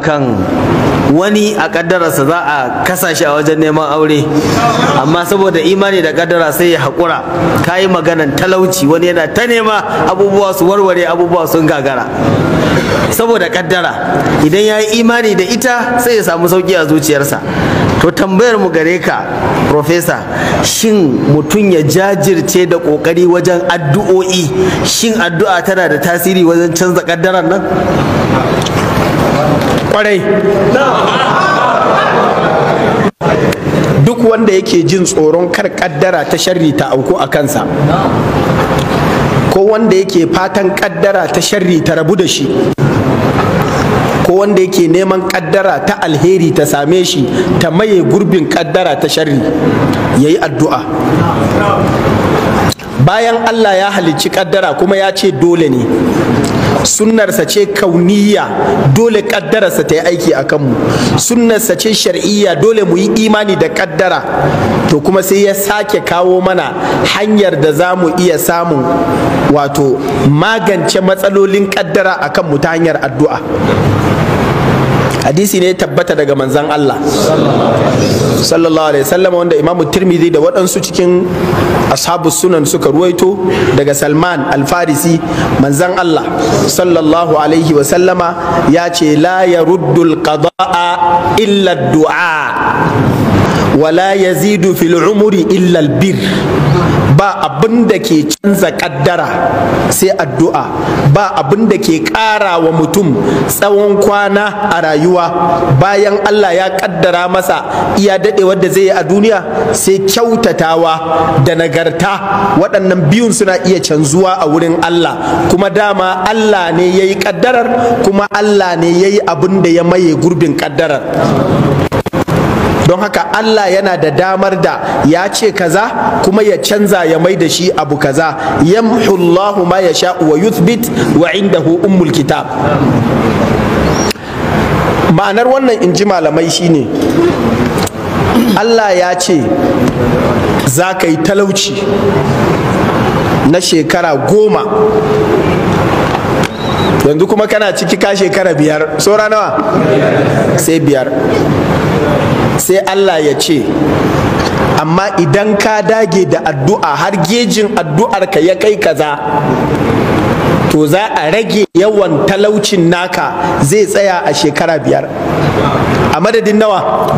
kan wani a kaddararsa za a kasashe a wajen neman aure amma saboda imani da kaddara sai ya haƙura ka yi maganan talauci wani yana ta nema abubuwa su warware abubuwa sun gagara saboda kaddara idan ya yi imani da ita sai ya samu sauƙi a zuciyarsa to tambayar mu gare ka profesa shin mutum ya jajirce da ƙoƙari wajen addu'o'i shin addu'a tana da tasiri wajen canza kaddarar nan kwarai duk wanda yake jin tsoron kar kaddara ta sharri ta auku a kansa ko wanda yake fatan kaddara ta sharri ta rabu da shi ko wanda yake neman kaddara ta alheri ta same shi ta maye gurbin kaddara ta sharri ya yi addu'a bayan allah ya halicci kaddara kuma ya ce dole ne sunnarsa ce kauniya dole kaddararsa ta yi aiki a kanmu sunnarsa ce shar'iyya dole mu yi imani da kaddara to kuma sai ya sake kawo mana hanyar da za mu iya samun wato magance matsalolin kaddara a kanmu ta hanyar addu'a hadisi ne tabbata daga manzan Allah sallallahu alaihi wasallam wanda imamu tirmidhi da waɗansu cikin ashabu sunan suka ruwaito daga salman alfarisi manzan Allah sallallahu alaihi wasallama ya ce la yaruddul qada'a illa du'a wala yazidu fil umuri illa bir ba abin da ke canza kaddara sai addu'a ba abin da ke kara wa mutum tsawon kwana a rayuwa bayan Allah ya kaddara masa iya daɗe wadda zai yi a duniya sai kyautatawa da nagarta waɗannan biyun suna iya canzuwa a wurin Allah kuma dama Allah ne ya yi kaddarar kuma Allah ne ya yi abin da ya maye gurbin kaddarar don haka Allah yana da damar da ya ce kaza kuma ya canza ya mai da shi abu kaza yamhu Allahu ma yasha wa yuthbit wa indahu ummul kitab ma'anar wannan in ji malamai shine Allah ya ce za ka yi talauci na shekara goma yanzu kuma kana ciki ka shekara biyar saura nawa sai biyar sai allah ya ce amma idan ka dage da addu'a har gejin addu'arka ya kai kaza to za a rage yawan talaucin naka zai tsaya a shekara biyar a madadin nawa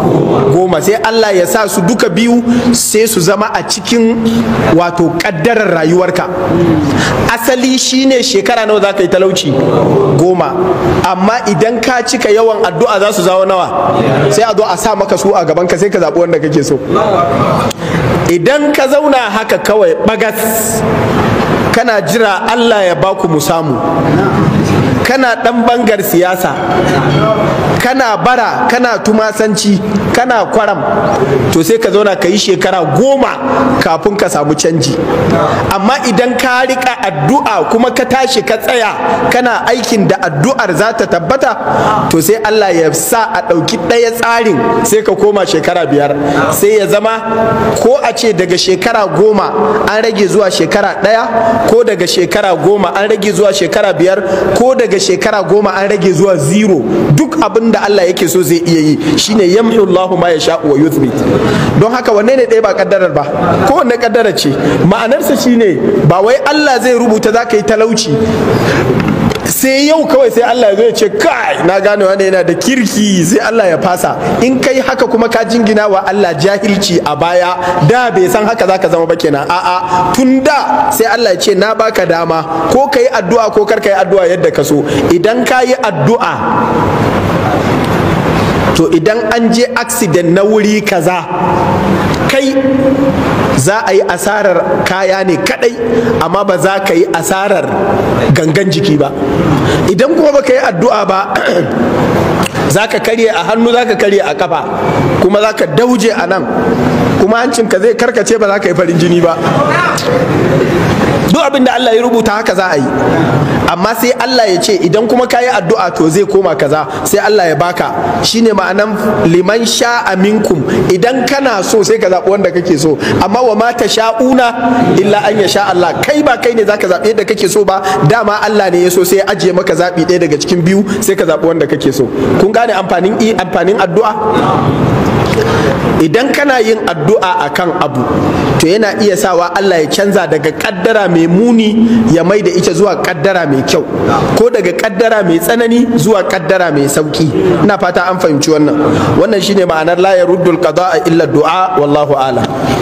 goma sai Allah ya sa su duka biyu sai su zama a cikin wato kaddarar rayuwarka asali shine shekara nawa za ka yi talauci goma amma idan ka cika yawan addu'a za su zawo nawa sai a zo a sa maka su a gaban ka sai ka zaɓi wanda kake so idan ka zauna haka kawai bagas kana jira Allah ya baku musamu. kana ɗan bangar siyasa kana bara kana tumasanci kana kwaram to sai ka zauna ka yi shekara goma kafin ka samu canji amma idan ka rika addu'a kuma ka tashi ka tsaya kana aikin da addu'ar za ta tabbata to sai Allah ya sa a ɗauki ɗaya tsarin sai ka koma shekara biyar sai ya zama ko a ce daga shekara goma an rage zuwa shekara ɗaya ko daga shekara goma an rage zuwa shekara biyar ko daga shekara goma an rage zuwa zero duk abin da Allah yake so zai iya yi shine yamhu Allahu ma yasha wa yuthbit don haka wanne ne ɗaya ba kaddarar ba ko wanne kaddarar ce ma'anarsa shine ba wai Allah zai rubuta zaka yi talauci sai yau kawai sai Allah ya zo ya ce kai na gane wani yana da kirki sai Allah ya fasa in kai haka kuma ka jingina wa Allah jahilci a baya da bai san haka zaka zama ba kenan a'a tun da sai Allah ya ce na baka dama ko kai addu'a ko kar kai addu'a yadda ka so idan ka yi addu'a to idan an je accident na wuri kaza kai za a yi asarar kaya ne kadai amma ba za ka yi asarar gangan jiki ba idan kuma baka yi addu'a ba za ka karye a hannu za ka karye a kafa kuma za ka dauje a nan kuma hancinka zai karkace ba za ka yi farin jini ba duk abin da Allah ya rubuta haka za a yi amma sai Allah ya ce idan kuma kayi addu'a to zai koma kaza sai Allah ya baka shine ma'anan liman sha'a minkum idan kana so sai ka zaɓi wanda kake so amma wa ma ta sha'una illa an ya sha Allah kai ba kai ne zaka zaɓi yadda kake so ba dama Allah ne ya so sai ya ajiye maka zaɓi ɗaya daga cikin biyu sai ka zaɓi wanda kake so kun gane amfanin amfanin addu'a idan kana yin addu'a a kan abu to yana iya sawa Allah ya canza daga kaddara mai muni ya mai da ita zuwa kaddara mai kyau ko daga kaddara mai tsanani zuwa kaddara mai sauki ina fata an fahimci wannan wannan shine ma'anar la yaruddul qada'a illa du'a wallahu a'lam